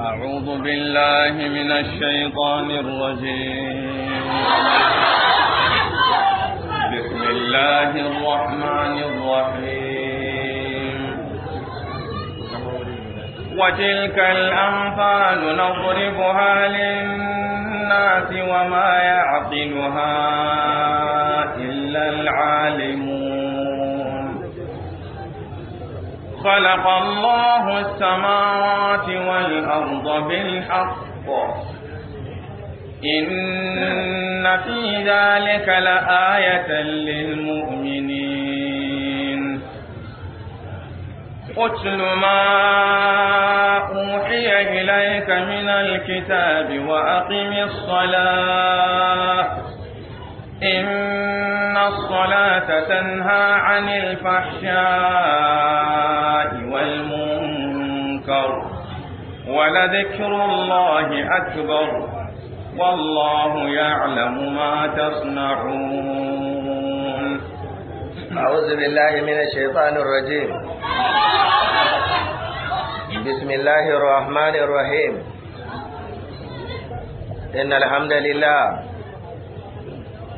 أعوذ بالله من الشيطان الرجيم بسم الله الرحمن الرحيم وتلك الأمثال نضربها للناس وما يعقلها إلا العالم خلق الله السماوات والأرض بالحق إن في ذلك لآية للمؤمنين أتل ما أوحي إليك من الكتاب وأقم الصلاة إن الصلاة تنهى عن الفحشاء والمنكر ولذكر الله أكبر والله يعلم ما تصنعون أعوذ بالله من الشيطان الرجيم بسم الله الرحمن الرحيم إن الحمد لله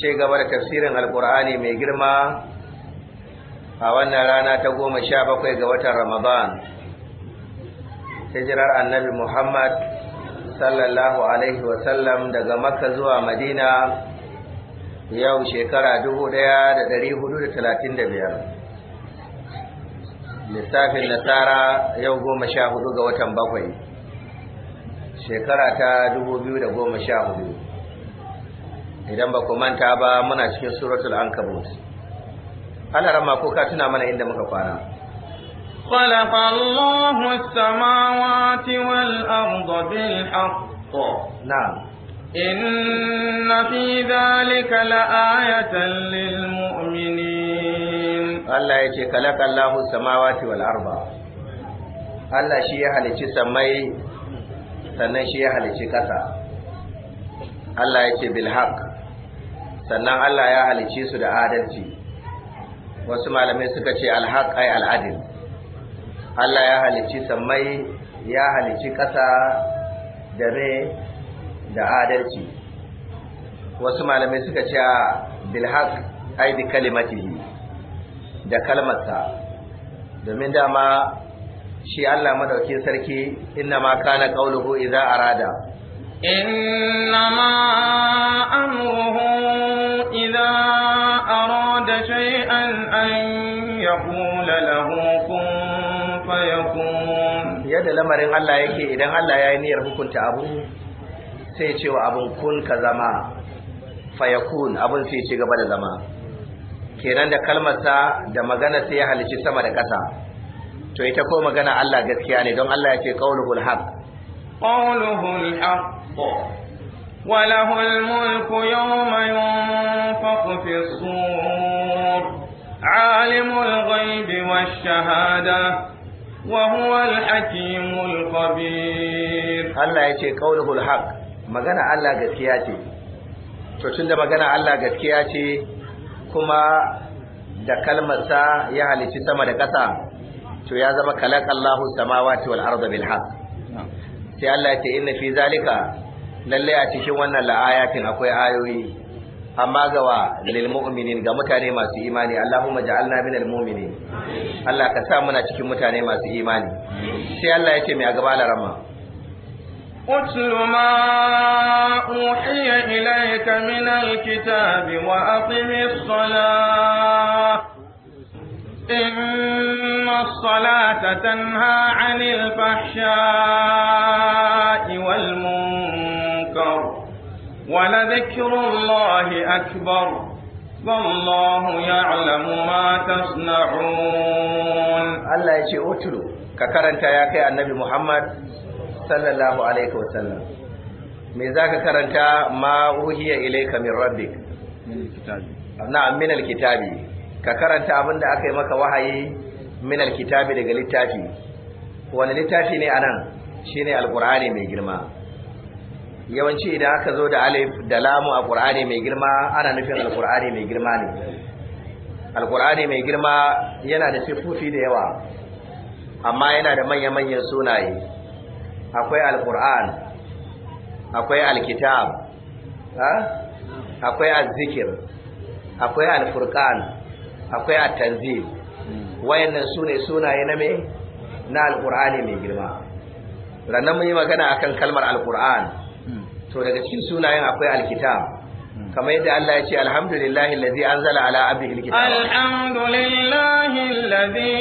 ce gaba da tafsirin alkur'ani mai girma a wannan rana ta goma sha bakwai ga watan ramadan hijirar annabi muhammad sallallahu alaihi wasallam daga makka zuwa madina yau shekara dubu ɗaya da dari hudu talatin da biyar. lissafin nasara yau goma sha hudu ga watan bakwai shekara ta dubu biyu da goma sha hudu idan ba ku manta ba muna cikin suratul ankabut ana rama ko ka tuna mana inda muka kwana خلق الله السماوات والأرض بالحق نعم إن في ذلك لآية للمؤمنين الله يجي خلق الله السماوات والأرض Allah shi ya halicci samai sannan shi ya halicci ƙasa Allah ya ce sannan Allah ya halice su da adalci wasu malamai suka ce alhaq ay al'adil Allah ya halici sammai ya halici ƙasa da re da adalci wasu malamai suka ce bilhaq ay bi kalimatihi da kalmarsa domin dama shi Allah madaukin sarki inna ma kana qauluhu idza arada inna ma amruhu أراد شيئا أن يقول له كن فيكون يد لمرين الله يكي إذن الله يعني يرهكم تأبو سيتي وأبو كن كزما fayakun abin sai ci gaba da zama kenan da kalmarsa da magana sai ya halici sama da ƙasa to ita ko magana Allah gaskiya ne don Allah ya ce qauluhul haqq qauluhul haqq وله الملك يوم ينفق في الصور عالم الغيب والشهادة وهو الحكيم الخبير الله يتي قوله الحق magana Allah gaskiya ce to tunda magana Allah gaskiya ce kuma da kalmarsa ya halici sama da ƙasa to ya zama kalak Allahu samawati wal arda bil haqq sai Allah ya ce inna fi zalika lalle a cikin wannan la'ayatin akwai ayoyi amma gawa lil mu'minin ga mutane masu imani Allahumma ja'alna minal mu'minin Allah ka sa muna cikin mutane masu imani sai Allah ya ce mai a gaba larama أتل ما أوحي إليك من الكتاب وأقم الصلاة إن الصلاة تنهى عن الفحشاء والمنكر أكبر ولذكر الله أكبر والله يعلم ما تصنعون الله يشي أتلو ككرنت يا كي النبي محمد صلى الله عليه وسلم me za ka karanta ma uhiya ilaika min rabbik na min ka karanta abin da aka yi maka wahayi min alkitabi daga littafi wani littafi ne anan shine Alƙur'ani mai girma yawanci idan aka zo da alif da lamu a qur'ani mai girma ana nufin alqur'ani mai girma ne alqur'ani mai girma yana da sifofi da yawa amma yana da manya-manyan sunaye akwai alqur'an akwai alkitab akwai azzikir akwai alfurqan akwai at-tanzil wayannan sune sunaye na me na alqur'ani mai girma ranan mun yi magana akan kalmar alqur'an to daga cikin sunayen akwai alkitab kamar yadda Allah ya ce alhamdulillahi allazi anzala ala abdihi alkitab Alhamdulillah allazi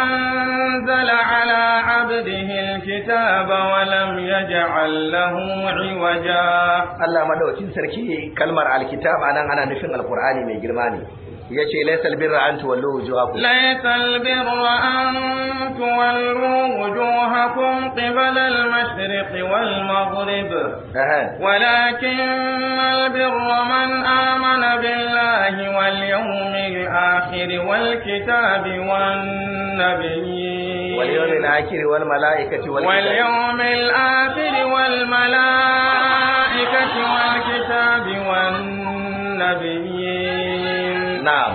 anzala ala abdihi alkitaba wa lam yaj'al lahu iwaja Allah madaukin sarki kalmar alkitab anan ana nufin alqur'ani mai girma ne yace laysal birra an tuwallu wujuhakum laysal birra an tuwallu wujuhakum qibala al-mashriq wal maghrib walakin البر من آمن بالله واليوم الآخر والكتاب والنبي واليوم الآخر والملائكة والكتاب واليوم الآخر والملائكة والكتاب والنبي نعم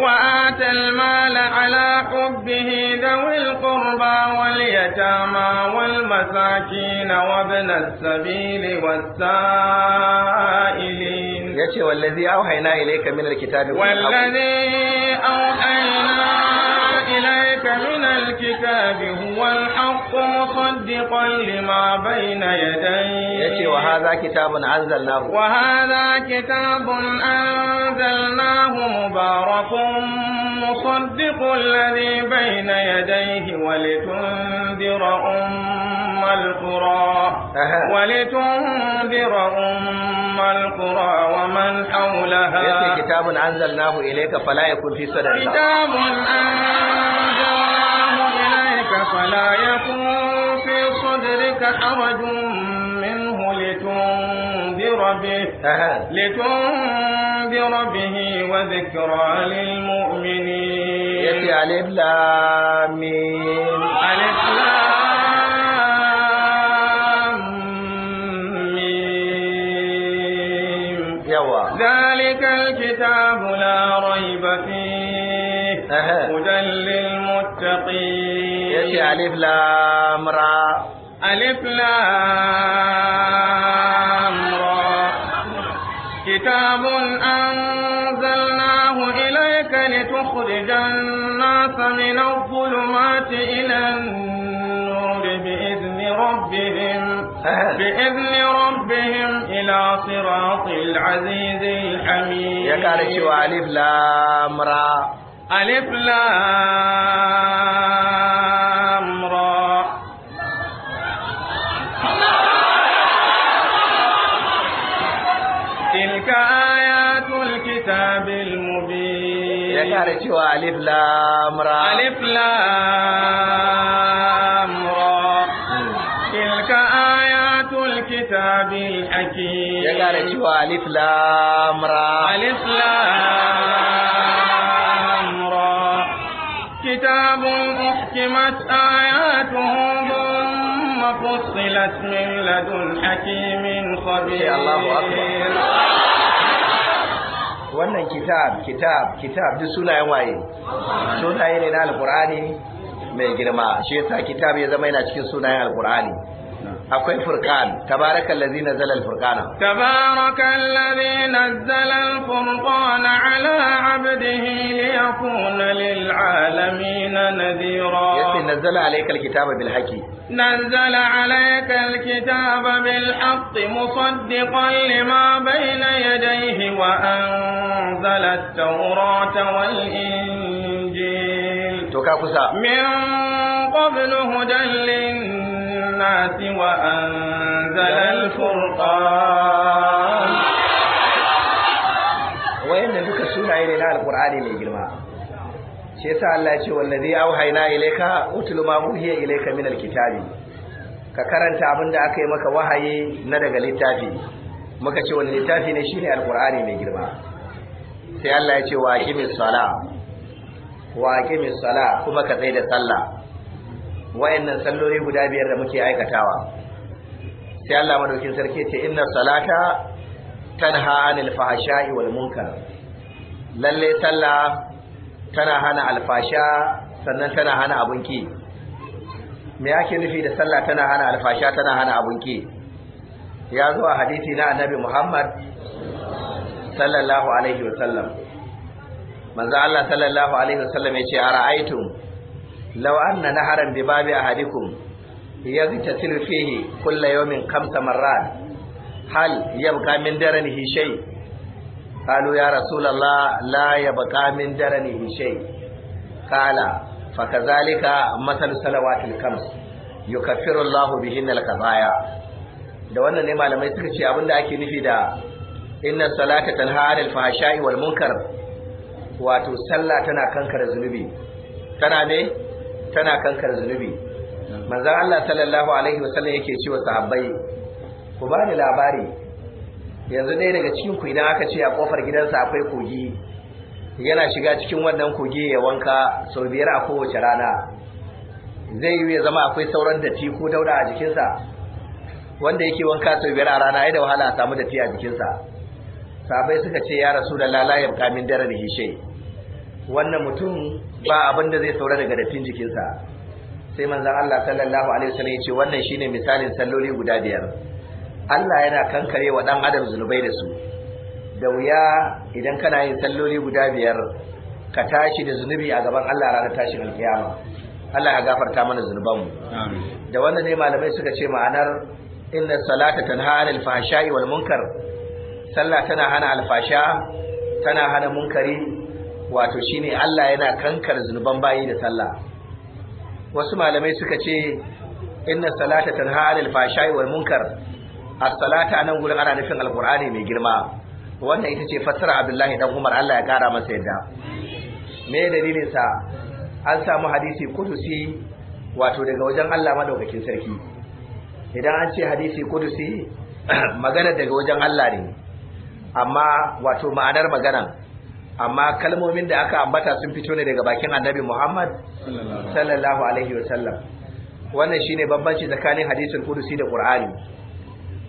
وآتى المال على حبه ذوي القربى واليتامى والمساكين وابن السبيل والسائلين يا والذي أوحينا إليك من الكتاب والذي أوحينا إليك من الكتاب هو الحق مصدقا لما بين يديه وهذا كتاب أنزلناه وهذا كتاب أنزلناه مبارك مصدق الذي بين يديه ولتنذر أم القرى ولتنذر أم القرى ومن حولها كتاب أنزلناه إليك فلا يكن في صدرك كتاب أنزلناه ذلك فلا يكن في صدرك حرج منه لتنذر به لتنذر به وذكرى للمؤمنين يا ألف ألف ذلك الكتاب لا ريب فيه هدى للمتقين يكفي ألف لام را ألف لام را كتاب أنزلناه إليك لتخرج الناس من الظلمات إلى النور بإذن ربهم بإذن ربهم إلى صراط العزيز الحميد يا يكارش ألف لام را ألف لام ايوه الف لام را الف لام را تلك ايات الكتاب الحكيم يلا رجوا الف لام را الف لام را كتاب احكمت اياته ثم فصلت من لدن حكيم خبير إيه، الله اكبر wannan kitab kitab kitab duk sunayen waye sunaye ne na alqur'ani mai girma shi yasa kitab ya zama yana cikin sunayen alqur'ani akwai furqan tabarakal ladzi nazzala al furqana tabarakal ladzi nazzala al furqana ala abdihi liyakuna lil alamin nadhira yace na alayka al kitaba bil haqqi nazzala alayka al kitaba bil haqqi musaddiqan lima bayna yadayhi wa anzala at tawrata wal injil to ka kusa min qablu hudan lin الناس وأنزل الفرقان وين ذلك سنة إلى القرآن اللي جلما شيسا الله يقول والذي أوحينا إليك أتل ما أوحي إليك من الكتاب ka karanta abin da aka yi maka wahayi na daga littafi muka ce wani littafi ne shine alkur'ani mai girma sai Allah ya ce wa aqimis sala wa aqimis sala kuma ka tsaya da sallah wayannan salloli guda biyar da muke aikatawa sai Allah madaukin sarki ce inna salata tanha anil fahsha'i wal munkar lalle sallah tana hana alfasha sannan tana hana abunki me yake nufi da sallah tana hana alfasha tana hana abunki ya zo a hadisi na annabi Muhammad sallallahu alaihi wasallam manzo Allah sallallahu alaihi wasallam yace ara'aytum law anna naharan bi babi ahadikum yaghtasilu fihi kulla yawmin khamsa marrat hal yabqa min daranihi shay قالوا يا رسول الله لا يبقى من درنه شيء قال فكذلك مثل صلوات الخمس يكفر الله بهن الخطايا da wannan ne malamai suka ce abinda ake nufi da innan salata tanha anil fahsha'i munkar wato sallah tana kankare zunubi tana ne tana kankar zunubi manzon Allah sallallahu alaihi wasallam yake cewa sahabbai ku ba ni labari yanzu ɗaya daga cikin ku idan aka ce a kofar gidansa akwai kogi yana shiga cikin wannan kogi ya wanka sau biyar a kowace rana zai yi ya zama akwai sauran datti ko dauda a jikinsa wanda yake wanka sau biyar a rana ai da wahala a samu datti a jikinsa sahabbai suka ce ya rasu da lalayar kamin dare da hishe wannan mutum ba abin da zai saura daga dafin jikinsa sai manzon Allah sallallahu alaihi wasallam ya ce wannan shine misalin salloli guda biyar Allah yana kankare wa dan adam zunubai da su da wuya idan kana yin salloli guda biyar ka tashi da zunubi a gaban Allah ranar tashin alkiyama Allah ya gafarta mana zunubanmu da wannan ne malamai suka ce ma'anar inna salata tanha anil fahsha'i wal munkar sallah tana hana alfasha tana hana munkari wato shine Allah yana kankar zunuban bayi da sallah wasu malamai suka ce inna salata tanha 'anil fashai wal munkar as-salata nan gurin ana nufin alqur'ani mai girma wannan ita ce fassara Abdullahi dan Umar Allah ya kara masa yadda me dalilin sa an samu hadisi kudusi wato daga wajen Allah madaukakin sarki idan an ce hadisi kudusi magana daga wajen Allah ne amma wato ma'anar magana. amma kalmomin da aka ambata sun fito ne daga bakin annabi Muhammad sallallahu alaihi wasallam wannan shine bambanci tsakanin hadisul qudusi da qur'ani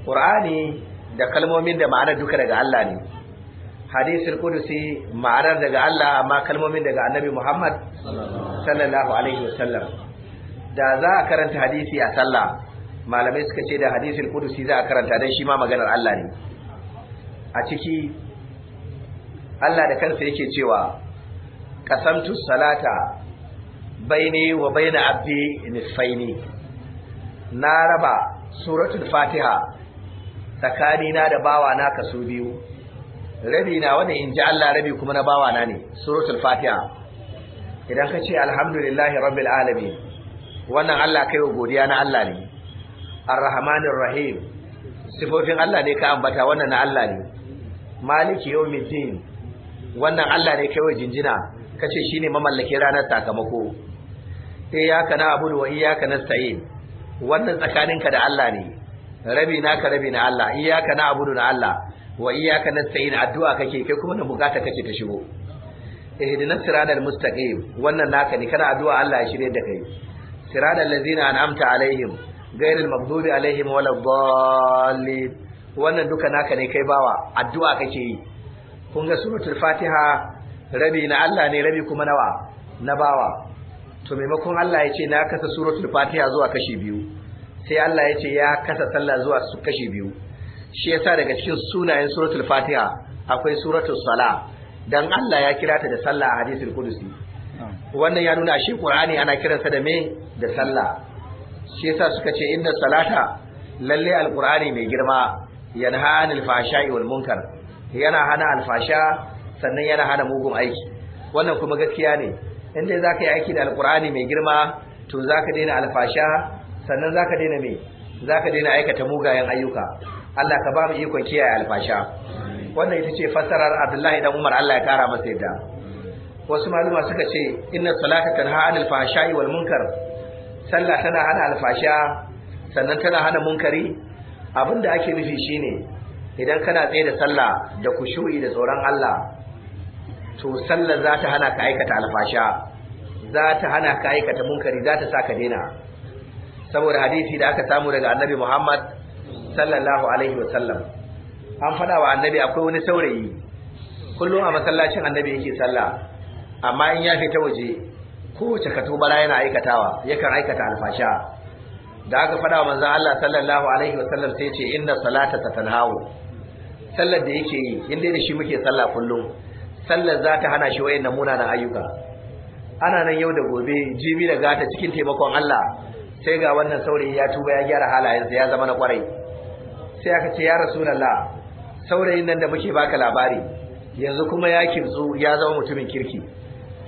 qur'ani da kalmomin da ma'anar duka daga Allah ne hadisul qudusi ma'anar daga Allah amma kalmomin daga annabi Muhammad sallallahu alaihi wasallam da za a karanta hadisi a sallah malamai suka ce da hadisul qudusi za a karanta dan shi ma maganar Allah ne a ciki Allah da kansa yake cewa qasamtu salata baini wa baina abdi nisfaini na raba suratul fatiha tsakanina da bawa na kaso biyu rabi na wanda in ji Allah rabi kuma na bawa na ne suratul fatiha idan ka ce alhamdulillahi rabbil alamin wannan Allah kai godiya na Allah ne arrahmanir rahim sifofin Allah ne ka ambata wannan na Allah ne maliki yawmiddin wannan Allah ne kai jinjina kace shine mamallakin ranar sakamako iyyaka na'budu wa iyyaka nasta'in wannan tsakaninka da Allah ne rabi ka rabi na Allah kana na'budu na Allah wa iyyaka nasta'in addu'a kake kai kuma na bukata kake ta shigo ihdinas siratal mustaqim wannan naka ne kana addu'a Allah ya shirye da kai siratal ladzina an'amta alaihim ghairil maghdubi alaihim waladdallin wannan duka naka ne kai bawa addu'a kake yi kun ga suratul fatiha rabi na Allah ne rabi kuma nawa na bawa to maimakon Allah ya ce na kasa suratul fatiha zuwa kashi biyu sai Allah ya ce ya kasa sallah zuwa kashi biyu shi yasa daga cikin sunayen suratul fatiha akwai suratul sala dan Allah ya kira ta da sallah a hadisul qudusi wannan ya nuna shi qur'ani ana kiransa da me da sallah shi yasa suka ce inna salata lalle alqur'ani mai girma yanha anil fahsha'i wal munkar yana hana alfasha sannan yana hana mugun aiki wannan kuma gaskiya ne in dai zaka yi aiki da alqur'ani mai girma to zaka daina alfasha sannan zaka daina me zaka daina aikata mugayen ayyuka Allah ka ba mu ikon kiyaye alfasha wannan ita ce fassarar Abdullahi dan Umar Allah ya kara masa yadda wasu maluma suka ce inna salata tanha anil fahsha'i wal munkar sallah tana hana alfasha sannan tana hana munkari abinda ake nufi shine idan kana tsaye da sallah da kushu'i da tsoron Allah to sallar za ta hana ka aikata alfasha za ta hana ka aikata munkari za ta sa ka daina saboda hadisi da aka samu daga annabi Muhammad sallallahu alaihi wa sallam an faɗa wa annabi akwai wani saurayi kullum a masallacin annabi yake sallah amma in ya fita waje kowace katubara yana aikatawa yakan aikata alfasha da aka faɗa wa manzon Allah sallallahu alaihi wa sallam sai ce inna salata tatanhawu sallar da yake yi inda da shi muke sallah kullum sallar za ta hana shi namuna munanan ayyuka ana nan yau da gobe jibi da gata cikin taimakon Allah sai ga wannan saurayi ya tuba ya gyara halayensa ya zama na kwarai sai aka ce ya rasulullah saurayin nan da muke baka labari yanzu kuma ya kimtsu ya zama mutumin kirki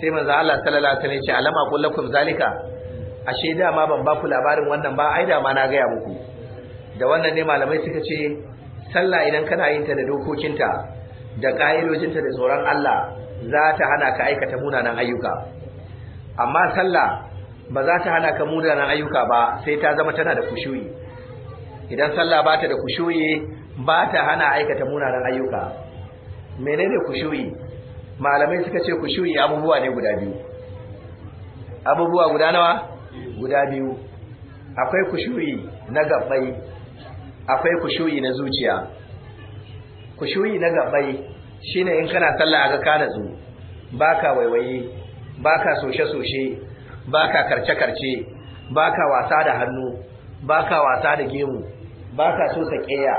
sai manzo Allah sallallahu alaihi wasallam ya ce alama kullakum zalika ashe da ma ban baku labarin wannan ba ai da ma na ga ya muku da wannan ne malamai suka ce sallah idan kana yin ta da dokokinta da ƙa'idojinta da tsoron Allah za ta hana ka aikata munanan ayyuka amma sallah ba za ta hana ka munanan ayyuka ba sai ta zama tana da kushuyi idan sallah ba ta da kushuyi ba ta hana aikata munanan ayyuka menene kushuyi malamai suka ce kushuyi abubuwa ne guda biyu abubuwa guda nawa guda biyu akwai kushuyi na gabbai akwai kushu'i na zuciya kushu'i na gabai shine in kana sallah aga ka natsu baka waiwaye baka soshe-soshe baka karce-karce baka wasa da hannu baka wasa da gemu baka so sakeya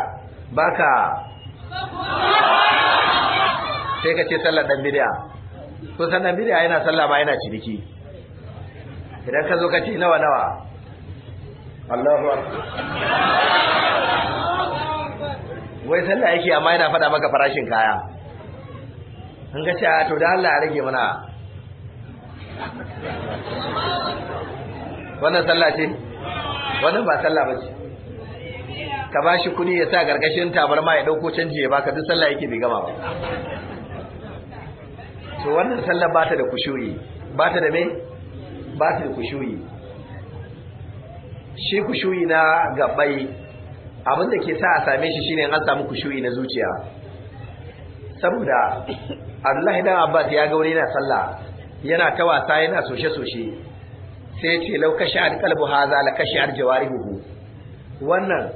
baka sai ka ce sallar dan bid'a to sallar bid'a yana sallah ba yana ciniki idan ka zo ka ce nawa nawa Allahu akbar wai sallah yake amma yana faɗa maka farashin kaya An ga cewa to da Allah ya rage mana wannan sallah ce wannan ba sallah ba ce ka ba shi kuɗi ya sa gargashin tabarma ya ɗauko canji ya baka duk sallah yake bai gama ba to wannan sallah ba ta da kushuyi ba ta da me ba ta da kushuyi shi kushuyi na gabai abin ke sa a same shi shine an samu kushuyi na zuciya saboda Allah idan Abbas ya ga wani yana sallah yana ta wasa yana soshe soshe sai ya ce lau kashi al qalbu hadha la kashi al jawarihu wannan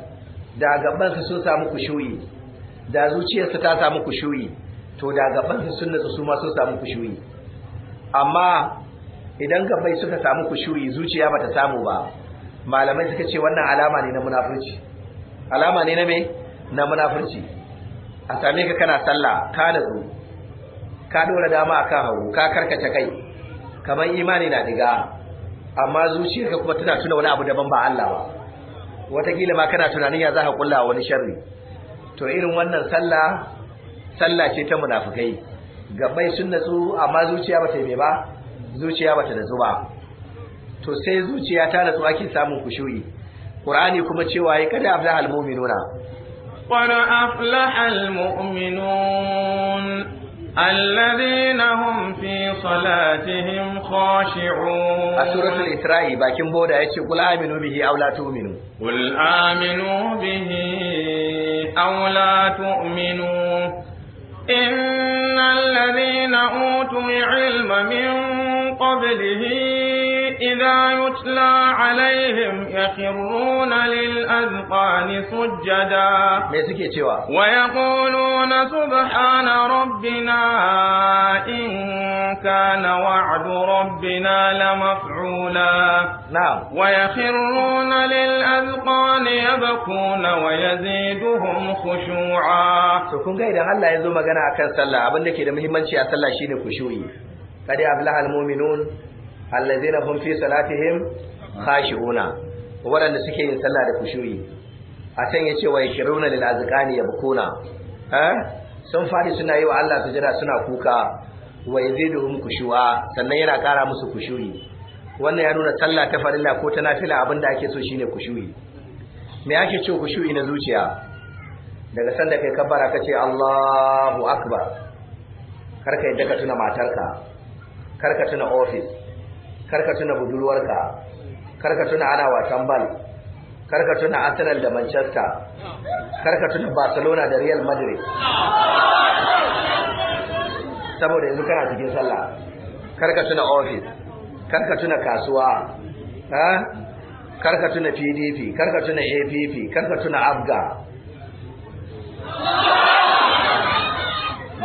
da su sun samu kushuyi da su ta samu kushuyi to da gabansa sun nutsu su ma sun samu kushuyi amma idan gabai suka samu kushuyi zuciya bata samu ba malamai suka ce wannan alama ne na munafurci alama ne na me na munafurci a same ka kana sallah ka natsu ka dora dama kan hagu ka karkace kai kamar imani na diga amma zuciyarka kuma tana tuna wani abu daban ba Allah ba wataƙila ma kana tunanin ya za ka kulla wani sharri to irin wannan sallah sallah ce ta munafukai gabai sun natsu amma zuciya bata yi ba zuciya bata natsu ba to sai zuciya ta natsu ake samun kushu'i qur'ani kuma cewa ya kada aflahal mu'minuna qad aflahal mu'minun alladhina hum fi salatihim khashi'un a suratul isra'i bakin boda yace qul aminu bihi aw la tu'minu qul aminu bihi aw la tu'minu إن الذين أوتوا العلم من قبله إذا يتلى عليهم يخرون للأذقان سجدا ويقولون سبحان ربنا إن كان وعد ربنا لمفعولا نعم ويخرون للأذقان يبكون ويزيدهم خشوعا to kun ga idan Allah ya zo magana akan sallah abin da ke da muhimmanci a sallah shine kushuyi kada ablahal mu'minun allazina hum fi salatihim khashi'una waɗanda suke yin sallah da kushuyi a can yace wa yakiruna lil azqani yabkuna eh sun fadi suna yi wa Allah sujada suna kuka wa yaziduhum kushuwa sannan yana ƙara musu kushuyi wannan ya nuna sallah ta farilla ko ta nafila abinda ake so shine kushuyi me ake ce kushuyi na zuciya daga sanda kai kabbara kace Allahu akbar karka yadda ka tuna matarka karka tuna office karka tuna budurwarka karka tuna ana wasan bal karka tuna Arsenal da Manchester karka tuna Barcelona da Real Madrid saboda yanzu kana cikin sallah karka tuna office karka tuna kasuwa ha karka tuna PDP karka tuna APP karka tuna Abga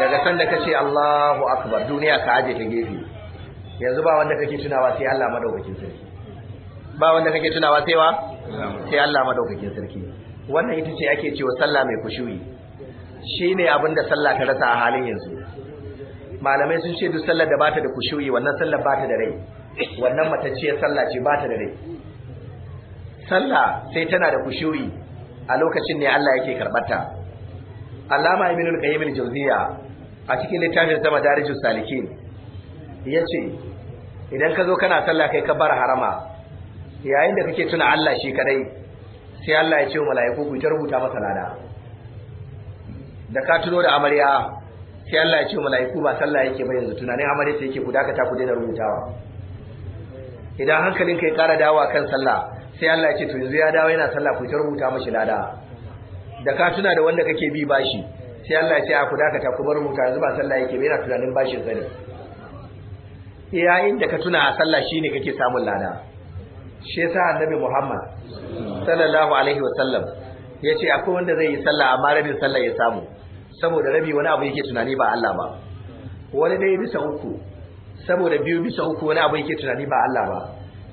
daga sanda kace Allahu akbar duniya ka aje ta gefe yanzu ba wanda kake tunawa sai Allah madaukakin sarki ba wanda kake tunawa sai wa sai Allah madaukakin sarki wannan ita ce ake cewa sallah mai kushuyi shine abin da sallah ta rasa a halin yanzu malamai sun ce duk sallar da bata da kushuyi wannan sallar bata da rai wannan matacciya sallah ce bata da rai sallah sai tana da kushuyi a lokacin ne Allah yake karbata Allama Ibn al-Qayyim al-Jawziyya a cikin littafin sa Madarijus Salikin ya ce idan ka zo kana sallah kai ka bar harama yayin da kake tuna Allah shi kadai sai Allah ya ce wa mala'iku ku ta rubuta masa lada da ka tuno da amarya sai Allah ya ce wa mala'iku ba sallah yake ba yanzu tunanin amarya sai yake ku dakata ku daina rubutawa idan hankalin kai kara dawa kan sallah sai Allah ya ce to yanzu ya dawo yana sallah ku ta rubuta mashi lada da ka tuna da wanda kake bi bashi sai Allah ya ce a ku dakata ku bar rubuta yanzu ba sallah yake ba yana tunanin bashin zane yayin da ka tuna a sallah shine kake samun lada shi yasa annabi Muhammad sallallahu alaihi wasallam yace akwai wanda zai yi sallah amma rabin sallah ya samu saboda rabi wani abu yake tunani ba Allah ba wani dai bisa uku saboda biyu bisa uku wani abu yake tunani ba Allah ba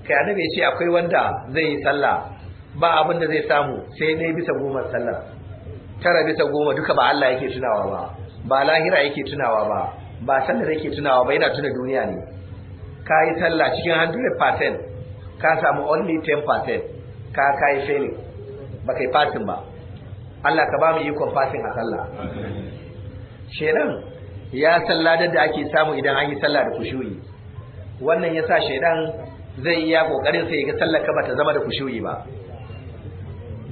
kai annabi yace akwai wanda zai yi sallah ba abin da zai samu sai dai bisa goma sallah tara bisa goma duka ba Allah yake tunawa ba ba lahira yake tunawa ba ba sallar yake tunawa ba yana tuna duniya ne ka yi sallah cikin 100% ka samu only 10% ka ka yi failing ba kai fasin ba Allah ka ba mu ikon fasin a sallah shedan ya sallah da ake samu idan an yi sallah da kushuyi wannan yasa shedan zai iya kokarin sai ya ga sallar ka bata zama da kushuri ba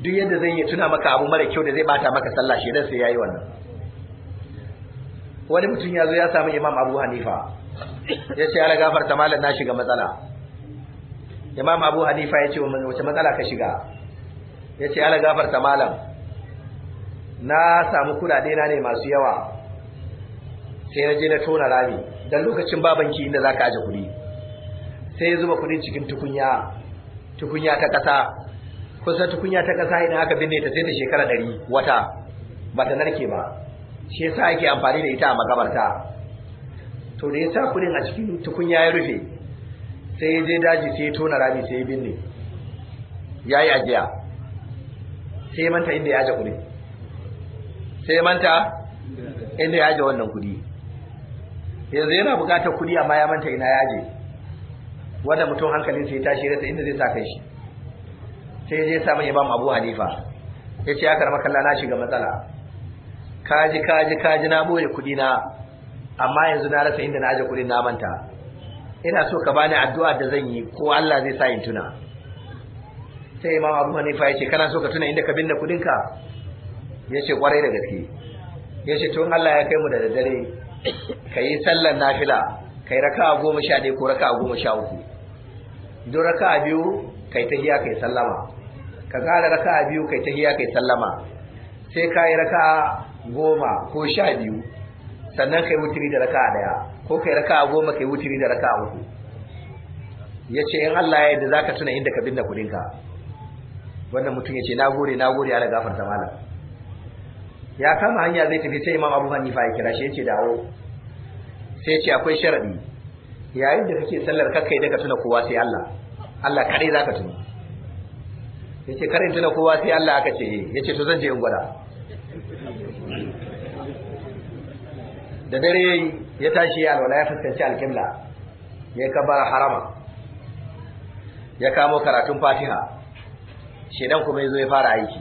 duk yadda zai yi tuna maka abu mara kyau da zai bata maka sallah shedan sai yayi wannan wani mutum ya zo ya samu imam abu hanifa ya ce ala gafarta malam na shiga matsala imam abu hanifa ya ce wace matsala ka shiga ya ce ala gafarta malam na samu kudade na ne masu yawa sai na je na tona rami dan lokacin babanki inda zaka aje kudi sai ya zuba kudin cikin tukunya tukunya ta kasa kusa tukunya ta kasa idan aka binne ta sai ta shekara 100 wata bata narke ba shi yasa ake amfani da ita a makabarta to da ya sa kudin a cikin tukunya ya rufe sai ya je daji sai ya tona rami sai ya binne ya yi ajiya sai ya manta inda ya aje kudin sai ya manta inda ya aje wannan kudi yanzu yana bukatar kudi amma ya manta ina ya aje wanda mutum hankalin sai ya tashi rasa inda zai sa kai shi sai ya je samun imam abu hanifa ya ce ya karama kalla na shiga matsala kaji kaji kaji na boye kudi na amma yanzu na rasa inda na aje kuɗin na manta ina so ka bani addu'a da zan yi ko Allah zai sa in tuna sai imam abu hanifa ya ce kana so ka tuna inda ka binne kuɗin ka ya ce kwarai da gaske ya ce tun Allah ya kai mu da daddare ka yi sallar nafila ka yi raka goma sha ɗaya ko raka goma sha uku don raka biyu ka yi tahiya ka sallama ka ƙara raka biyu ka yi tahiya ka sallama sai ka yi raka goma ko sha biyu sannan kai wutiri da raka'a daya ko kai raka'a goma kai wutiri da raka'a uku yace in Allah ya yarda zaka tuna inda ka binne kudin ka wannan mutum yace na nagode Allah gafarta malam ya kama hanya zai tafi sai Imam Abu Hanifa ya kira shi yace dawo sai yace akwai sharadi yayin da kake sallar kakkai daga tuna kowa sai Allah Allah kare zaka tuna yace kare tuna kowa sai Allah aka ce eh. yace to zan je in gwada da dare yayi ya tashi ya alwala ya fuskanci alƙibla ya kabara harama ya kamo karatun fatiha shedan kuma yazo ya fara aiki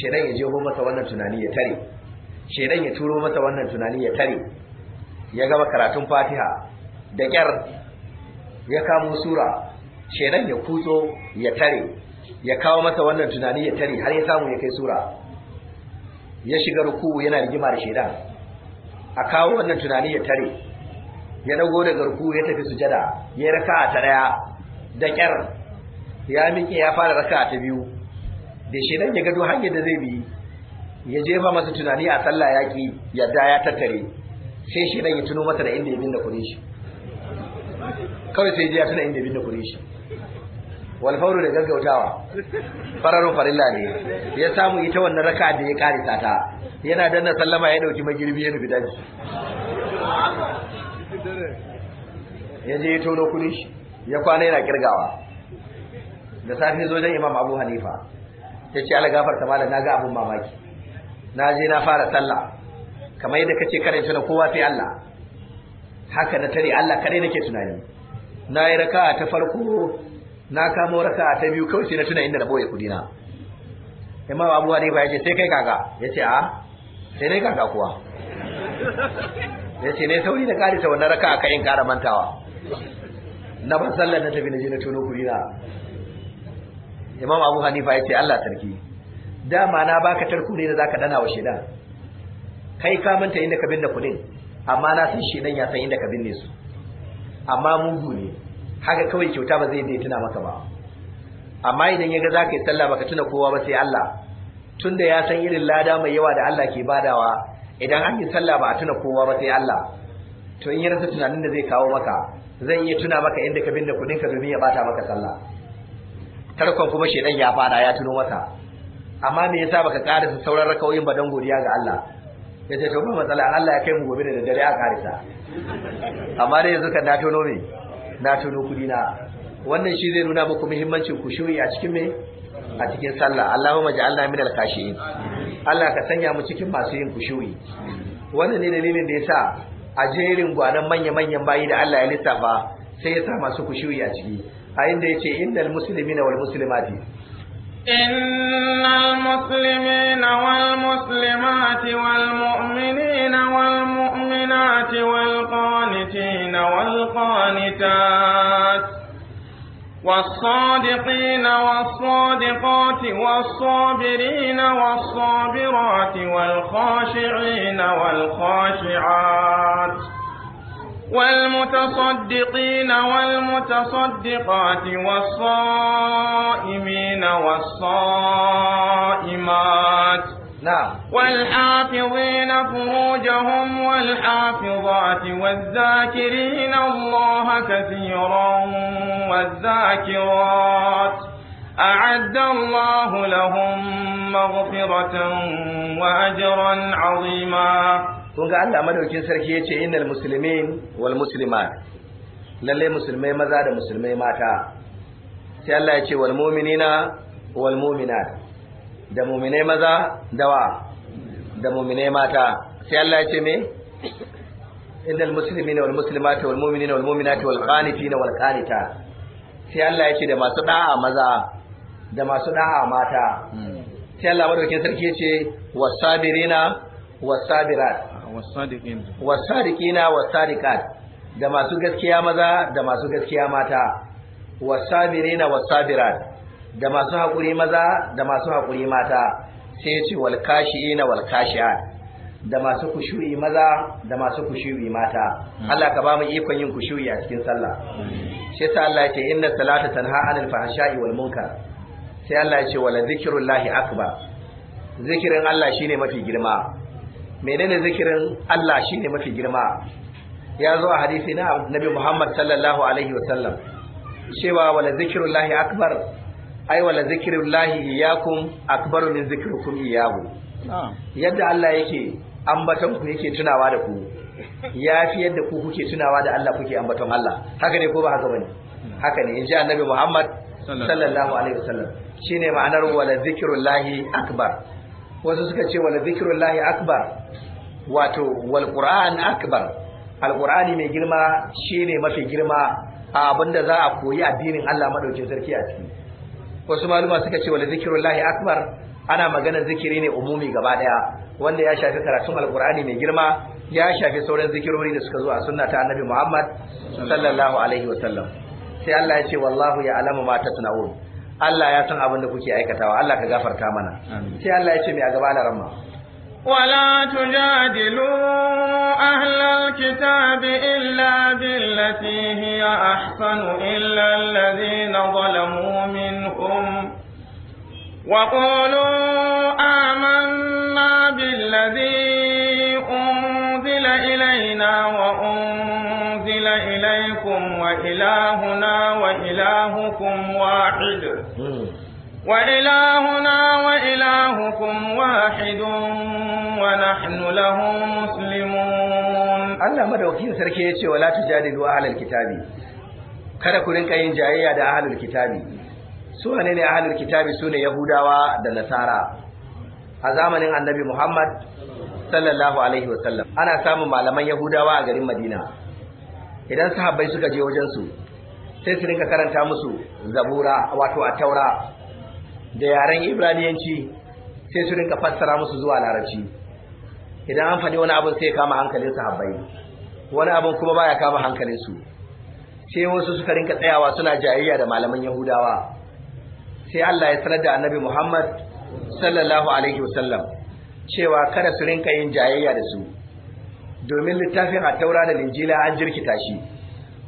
shedan ya jeho masa wannan tunani ya tare shedan ya turo masa wannan tunani ya tare ya gama karatun fatiha da kyar ya kamo sura shedan ya kutso ya tare ya kawo masa wannan tunani ya tare har ya samu ya kai sura ya shiga ruku yana rigima da shedan a kawo wannan tunani ya tare ya dago da garku ya tafi sujada ya raka ta daya da kyar ya miƙe ya fara raka ta biyu da shi nan ya gado hanyar da zai bi ya jefa masa tunani a sallah ya ki yadda ya tattare sai shi nan ya tuno masa da inda ya binne kure shi kawai sai ya tuna inda ya binne kure shi wal fawru da gaggautawa fararun farilla ne ya samu ita wannan raka da ya karisa ta yana danna sallama ya dauki magirbi ya nufi daji ya je ya tono kudin shi ya kwana yana kirgawa da safi zo don imam abu hanifa ya ce ala gafarta malam na ga abun mamaki na je na fara sallah kamar yadda kace kare tuna kowa sai Allah haka na tare Allah kare nake tunani na yi raka ta farko na kamo raka ta biyu kawai sai na tuna inda na boye kudina imam abu hanifa ya ce sai kai kaka ya ce a sai dai kaka kuwa ya ce ne sauri na karisa wannan raka aka yin kara mantawa na ban sallar na tafi na je na tono kuri imam abu hanifa ya ce allah sarki dama na baka tarku ne da zaka dana wa shaidan kai ka manta inda ka binne kudin amma na san shaidan ya san inda ka binne su amma mugu ne haka kawai kyauta ba zai dai tuna maka ba amma idan ya ga zaka yi sallah baka tuna kowa ba sai allah tunda ya san irin lada mai yawa da Allah ke badawa idan an yi sallah ba a tuna kowa ba sai Allah to in ya rasa tunanin da zai kawo maka zai iya tuna maka inda ka binne kudin ka domin ya bata maka sallah tarkon kuma shedan ya fara ya tuno masa amma me yasa baka karasa sauran rakawoyin ba dan godiya ga Allah Ya ce to ba matsala Allah ya kai mu gobe da daddare a karisa amma dai yanzu kan na tono me na tono kudi na wannan shi zai nuna muku muhimmancin kushuri a cikin me a cikin sallah Allahumma ja'alna min al-khashiyin Allah ka sanya mu cikin masu yin kushuyi wannan ne dalilin da yasa a jerin gwanan manya-manyan bayi da Allah ya lissafa sai ya sa masu kushuyi a ciki a inda yace innal muslimina wal muslimati mu'minina wal mu'minati wal qanitina wal qanitat والصادقين والصادقات والصابرين والصابرات والخاشعين والخاشعات والمتصدقين والمتصدقات والصائمين والصائمات نعم والحافظين فروجهم والحافظات والذاكرين الله كثيرا والذاكرات أعد الله لهم مغفرة وأجرا عظيما kun ga Allah madaukin sarki yace innal muslimin wal muslimat lalle musulmai maza da musulmai mata sai Allah yace wal mu'minina wal mu'minat da mu'minai maza da wa da mu'minai mata sai Allah yace me innal muslimina wal muslimat wal mu'minina wal mu'minat wal qanitina wal qanita sai Allah ya ce da masu da'a maza da masu da'a mata sai Allah madaukakin sarki ya ce wasabirina wasabirat wasadiqina wasadiqat da masu gaskiya maza da masu gaskiya mata wasabirina wasabirat da masu haƙuri maza da masu haƙuri mata sai ya ce walkashi'ina walkashi'at da masu kushuri maza da masu kushuri mata hmm. Allah ka ba mu ikon yin kushuri a cikin sallah hmm. shi yasa Allah ya ce inna salata tanha anil fahsha'i wal munkar sai Allah ya ce wala zikrullahi akbar zikirin Allah shine mafi girma menene zikirin Allah shine mafi girma ya zo a hadisi na Nabi Muhammad sallallahu alaihi sallam. cewa wala zikrullahi akbar ai wala zikrullahi iyyakum akbaru min zikrikum iyyahu yadda Allah yake ambaton ku yake tunawa da ku ya fi yadda ku kuke tunawa da Allah kuke ambaton Allah haka ne ko ba haka bane haka ne inji annabi Muhammad sallallahu alaihi wasallam shine ma'anar wala zikrullahi akbar wasu suka ce wala zikrullahi akbar wato wal qur'an akbar qur'ani mai girma shine mafi girma abinda za a koyi addinin Allah madaukin sarki a ciki wasu maluma suka ce wala zikrullahi akbar ana magana zikiri ne umumi gaba daya wanda ya shafi karatun alkur'ani mai girma ya shafi sauran zikirori da suka zo a sunna ta annabi Muhammad sallallahu alaihi wa sallam sai Allah ya ce wallahu ya alamu ma tasnaun Allah ya san abin da kuke aikatawa Allah ka gafarta mana sai Allah ya ce mai a gaba da ramma ولا تجادلوا أهل الكتاب إلا بالتي هي أحسن إلا الذين ظلموا منهم وقولوا آمنا بالذي أنزل إلينا وأنزل إليكم وإلهنا وإلهكم واحد وإلهنا وإلهكم واحد ونحن له مسلمون الله مدوكين سركي يتشي ولا تجادلوا أهل الكتاب kada ku rinka yin jayayya da ahlul kitabi su ne ne ahlul kitabi su ne yahudawa da nasara a zamanin annabi Muhammad sallallahu alaihi wasallam ana samun malaman yahudawa a garin madina idan sahabbai suka je wajensu sai su rinka karanta musu zabura wato a taura da yaren ibraniyanci sai su rinka fassara musu zuwa larabci idan an faɗi wani abu sai kama hankalin sahabbai wani abu kuma baya kama su, sai wasu suka rinka tsayawa suna jayayya da malaman yahudawa sai Allah ya sanar da annabi Muhammad sallallahu alaihi wasallam cewa kada su rinka yin jayayya da su domin littafin a taura da linjila an jirkita shi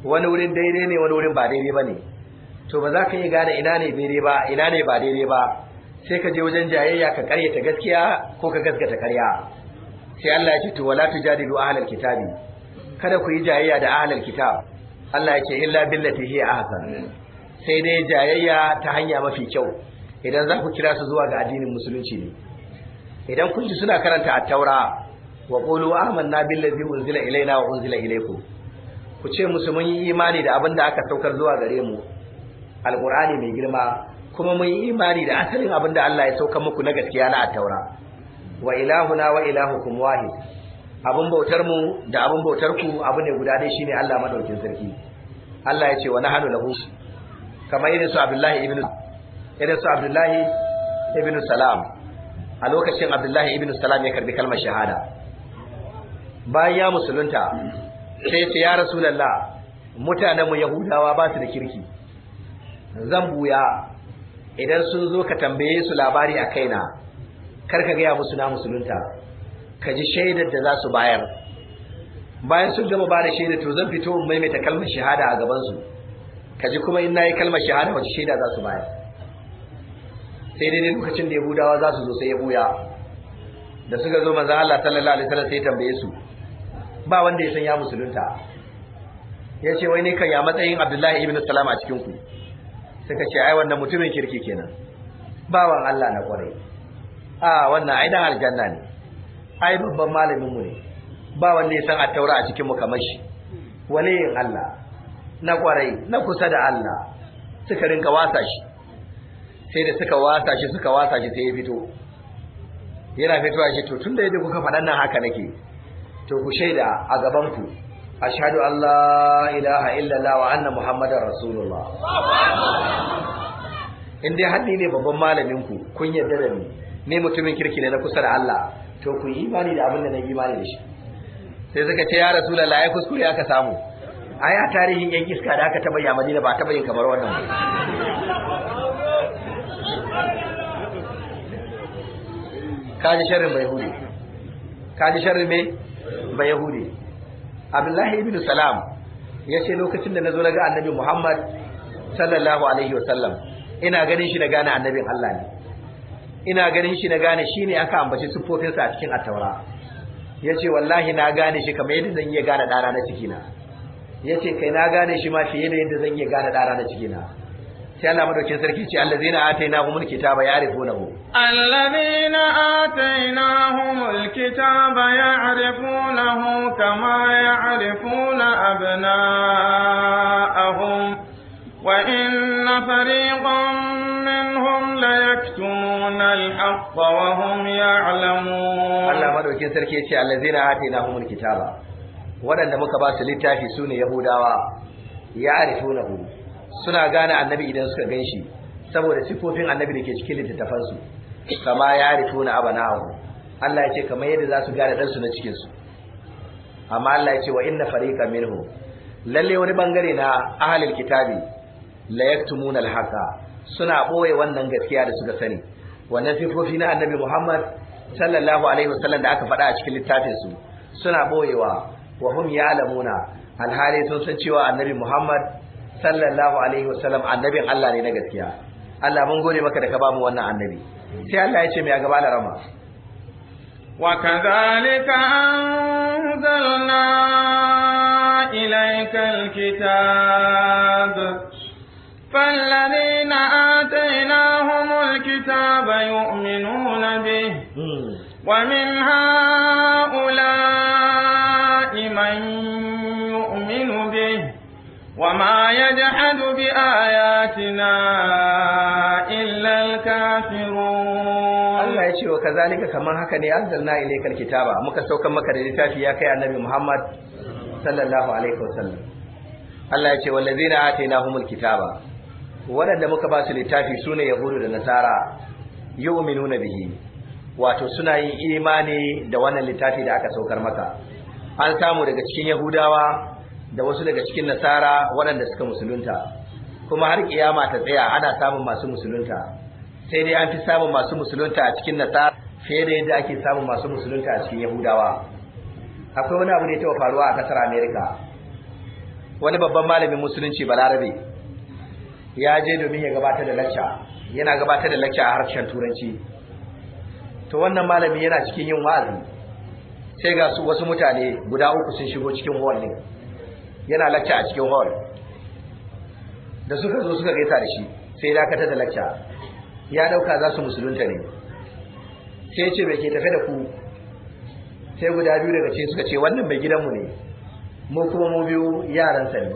wani wurin daidai ne wani wurin ba daidai ba ne to ba za ka yi gane ina ne daidai ba ina ne ba daidai ba sai ka je wajen jayayya ka karyata gaskiya ko ka gaskata karya sai Allah ya ce to wala tujadilu ahlal kitabi kada ku yi jayayya da ahlal kitab Allah ya ce illa billati hiya ahsan sai dai jayayya ta hanya mafi kyau idan za ku kira su zuwa ga addinin musulunci ne idan kun ji suna karanta at-taura wa qulu amanna billazi unzila ilaina wa unzila ilaykum ku ce musu mun yi imani da abin da aka saukar zuwa gare mu alqur'ani mai girma kuma mun yi imani da asalin abin da Allah ya sauka muku na gaskiya na at-taura wa ilahuna wa ilahukum wahid abin bautar mu da abin bautar ku abu ne guda dai shine Allah madaukin sarki Allah ya ce wa nahanu lahu kamar yadda su Abdullahi ibn irin su abdullahi ibn salam a lokacin abdullahi ibn salam ya karbi kalmar shahada bayan ya musulunta sai ce ya rasu mutanen mutanenmu yahudawa ba su da kirki zan buya idan sun zo ka tambaye su labari a kaina kar ka gaya musu na musulunta ka ji shaidar da za su bayar bayan sun gama ba da shaidar to zan fito in maimaita kalmar shahada a gabansu ka ji kuma in na yi kalmar shahada wace shaida za su bayar sai dai lokacin da yahudawa za su zo sai ya buya da suka zo manzo Allah sallallahu alaihi wasallam sai ya tambaye su ba wanda ya san ya musulunta ya ce wai ne kan ya matsayin Abdullahi ibn Salam a cikin ku suka ce ai wannan mutumin kirki kenan bawan Allah na kware a wannan ai dan aljanna ne ai babban malamin mu ne ba wanda ya san at a cikin mu kamar shi waliyin Allah na kware na kusa da Allah suka rinka wasa shi sai da suka wasa shi suka wasa shi sai ya fito yana fitowa shi to tunda yadda kuka faɗan nan haka nake to ku shaida a gaban ku ashhadu an la ilaha illallah wa anna muhammadar rasulullah in dai hannu ne babban malamin ku kun yarda da ni ne mutumin kirki ne na kusa da Allah to ku yi imani da abin da na yi imani da shi sai suka ce ya rasulullah ya kuskure aka samu A ya tarihin yan iska da aka taba ya madina ba taba yin kamar wannan kaji sharrin bai hudu kaji sharrin mai bai hude abdullahi ibn salam ya ce lokacin da na zo na ga annabi muhammad sallallahu alaihi wasallam ina ganin shi na gane annabin allah ne ina ganin shi na gane shi ne aka ambaci siffofinsa a cikin attaura ya ce wallahi na gane shi kamar yadda zan iya gane ɗara na cikina ya ce kai na gane shi ma fiye da yadda zan iya gane ɗara na cikina sai Allah madaukin sarki ce allazina atainahumul kitaba ya'rifunahu allazina atainahumul kitaba ya'rifunahu kama ya'rifuna abna'ahum wa inna fariqan minhum la yaktumuna al-haqq wa hum ya'lamun Allah madaukin sarki ce allazina atainahumul kitaba waɗanda muka ba su littafi sune yahudawa ya'rifunahu suna gane annabi idan suka gan shi saboda sifofin annabi da ke cikin littattafansu kama ya rito na abanahu Allah ya ce kamar yadda za su gane ɗansu na cikinsu amma Allah ya ce wa inna fariqa minhu lalle wani bangare na ahalil kitabi la yaktumuna alhaqa suna boye wannan gaskiya da suka sani wannan sifofi na annabi Muhammad sallallahu alaihi wasallam da aka faɗa a cikin littafinsu, suna boyewa wa hum ya'lamuna alhali sun san cewa annabi Muhammad sallallahu alaihi wasallam annabin Allah ne na gaskiya Allah mun gode maka da ka bamu wannan annabi sai Allah ya ce mai gaba da rama wa kadhalika anzalna ilaykal kitab فالذين آتيناهم الكتاب يؤمنون به ومن هؤلاء من وما يجحد بآياتنا إلا الكافرون الله يشي وكذلك كما هكذا أنزلنا إليك الكتاب muka saukan maka da littafi ya kai annabi Muhammad sallallahu alaihi Allah ya ce wallazina atainahumul kitaba waɗanda muka ba su littafi sune yahudu da nasara nuna bihi wato suna yin imani da wannan littafi da aka saukar maka an samu daga cikin yahudawa da wasu daga cikin nasara waɗanda suka musulunta kuma har kiyama ta tsaya ana samun masu musulunta sai dai an fi samun masu musulunta a cikin nasara fiye da yadda ake samun masu musulunta a cikin yahudawa akwai wani abu da ya taɓa faruwa a ƙasar america wani babban malamin musulunci balarabe ya je domin ya gabatar da lacca yana gabatar da lacca a harshen turanci to wannan malami yana cikin yin wa'azi sai ga wasu mutane guda uku sun shigo cikin hall yana lacca a cikin hall da suka zo suka gaisa da shi sai dakatar da lacca ya dauka za su musulunta ne sai ce me ke tafe da ku sai guda biyu daga ce suka ce wannan mai gidanmu ne mu kuma mu biyu yaran sa ne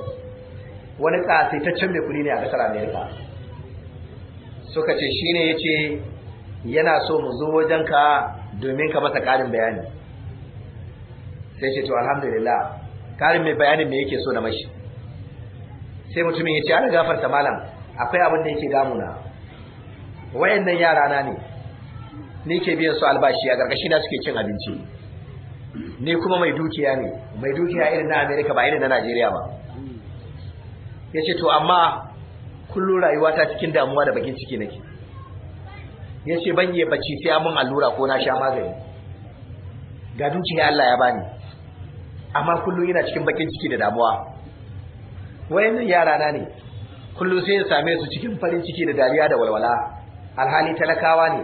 wani kasaitaccen mai kuɗi ne a ƙasar Amerika suka ce shi ya yace yana so mu zo wajen ka domin ka masa ƙarin bayani sai ce to alhamdulillah karin mai bayanin me yake so na mashi sai mutumin ya ce ana gafarta malam akwai abin da yake damuna wayannan yara na ne ni ke biyan su albashi a gargashi na suke cin abinci ni kuma mai dukiya ne mai dukiya irin na America ba irin na Najeriya ba yace to amma rayuwa ta cikin damuwa da bakin ciki nake yace ban yi bacci sai mun allura ko na sha magani ga dukiya Allah ya bani amma kullum yana cikin bakin ciki da damuwa wayannan yara na ne kullum sai ya same su cikin farin ciki da dariya da walwala alhali talakawa ne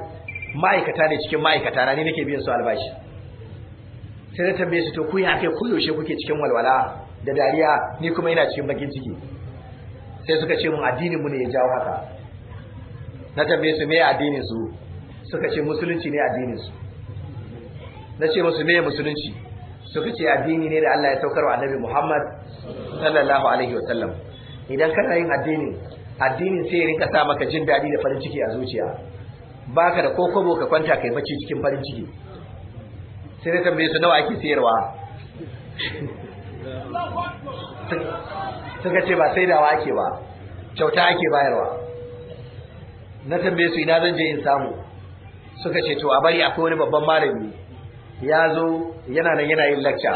ma'aikata ne cikin ma'aikata na ne nake biyan su albashi sai na tambaye su to ku ya kai kullum kuke cikin walwala da dariya ni kuma ina cikin bakin ciki sai suka ce mun addinin mu ne ya jawo haka na tambaye su me addinin su suka ce musulunci ne addinin su na ce musu me musulunci su ce addini ne da Allah ya saukar wa Annabi Muhammad sallallahu alaihi wa sallam idan kana yin addini addinin sai ya rinka sa maka jin dadi da farin ciki a zuciya baka da kokobo ka kwanta kai bacci cikin farin ciki sai dai tambaye su nawa ake sayarwa suka ce ba sai dawa ake ba kyauta ake bayarwa na tambaye su ina zan je in samu suka ce to a bari akwai wani babban malami ya zo yana nan yana yin lakca.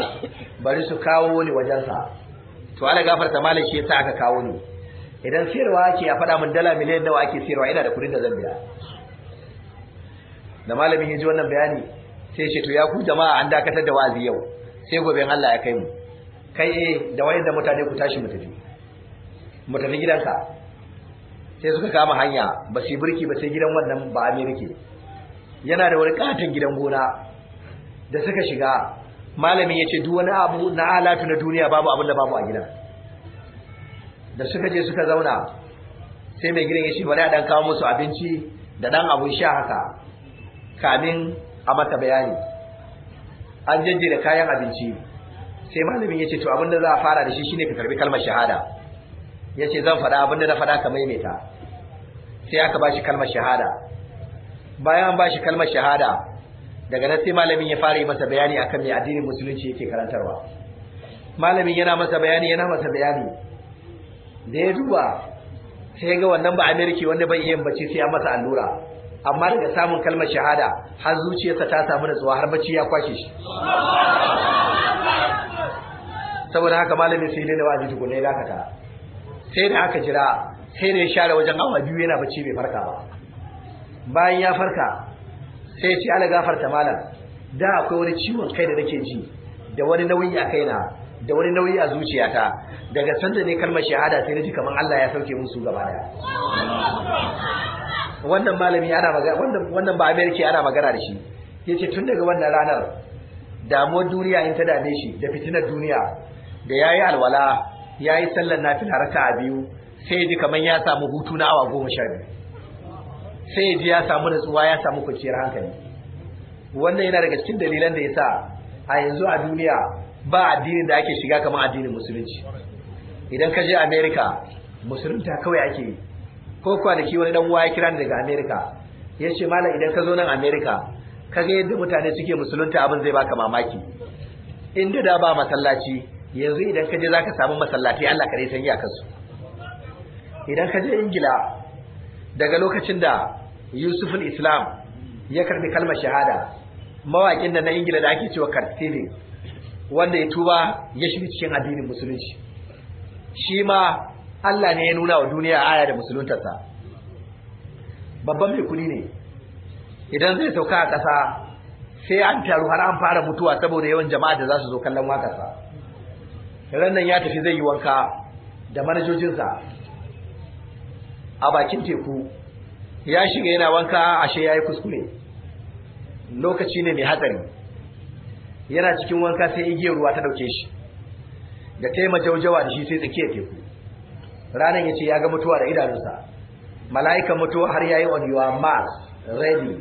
bari su kawo ni wajensa to ala gafarta malam shi sa aka kawo ni idan siyarwa ake a faɗa min dala miliyan nawa ake siyarwa ina da kuɗin da zan biya da malamin ya ji wannan bayani sai shi to ya ku jama'a an dakatar da wazi yau sai gobe in Allah ya kai mu kai eh da wani da mutane ku tashi mu tafi mu tafi gidanka sai suka kama hanya ba su yi birki ba sai gidan wannan ba amerika yana da wani katin gidan gona da suka shiga malamin ya ce duk wani abu na alatu na duniya babu abin da babu a gidan da suka je suka zauna sai mai gidan ya ce bari a dan kawo musu abinci da dan abun sha haka kamin a mata bayani an da kayan abinci sai malamin ya ce to abin da za a fara da shi shine ka karbi kalmar shahada ya ce zan faɗa abin da na faɗa ka maimaita sai aka ba shi kalmar shahada bayan ba shi kalmar shahada daga nan sai malamin ya fara yi masa bayani akan me addinin musulunci yake karantarwa malamin yana masa bayani yana masa bayani da ya duba sai ga wannan ba ameriki wanda bai yin bacci sai ya masa allura amma daga samun kalmar shahada har zuciyarsa ta samu nutsuwa har bacci ya kwashe shi saboda haka malamin sai dai da wazi ya dakata sai da aka jira sai da ya share wajen awa biyu yana bacci bai farka ba bayan ya farka sai ya ce ala gafarta malam da akwai wani ciwon kai da nake ji da wani nauyi a kaina da wani nauyi a zuciyata daga sanda ne kalmar shahada sai naji kamar Allah ya sauke musu gaba daya wannan malami ana magana wannan wannan ba America ana magana da shi yace tun daga wannan ranar damuwar duniya in ta dame shi da fitinar duniya da yayi alwala yayi sallar nafila raka'a biyu sai ji kamar ya samu hutu na awa goma sha sai ya ji ya samu nutsuwa ya samu kwanciyar hankali wannan yana daga cikin dalilan da ya sa a yanzu a duniya ba addinin da ake shiga kamar addinin musulunci idan ka je America musulunta kawai ake yi ko kwanaki wani dan uwa ya kira ni daga America ya ce malam idan ka zo nan America ka ga yadda mutane suke musulunta abin zai baka mamaki inda da ba masallaci yanzu idan ka je za ka samu masallaci Allah kare sanya a idan ka je Ingila daga lokacin da Yusuf islam ya karbi kalmar shahada mawakin da na Ingila da ake cewa Cat wanda ya tuba ya shi cikin addinin musulunci shi ma Allah ne ya nuna wa duniya aya da musuluntarsa babban mai kuni ne idan zai sauka a ƙasa sai an taru har an fara mutuwa saboda yawan jama'a da za su zo kallon wakarsa ran nan ya tafi zai yi wanka da manajojinsa a bakin teku ya shiga yana wanka ashe ya yi kuskure lokaci ne mai hatsari yana cikin wanka sai igiyar ruwa ta dauke shi da ta yi majaujawa da shi sai tsakiyar teku ranar ya ce ya ga mutuwa da idanunsa mala'ika mutuwa har ya yi on your mars ready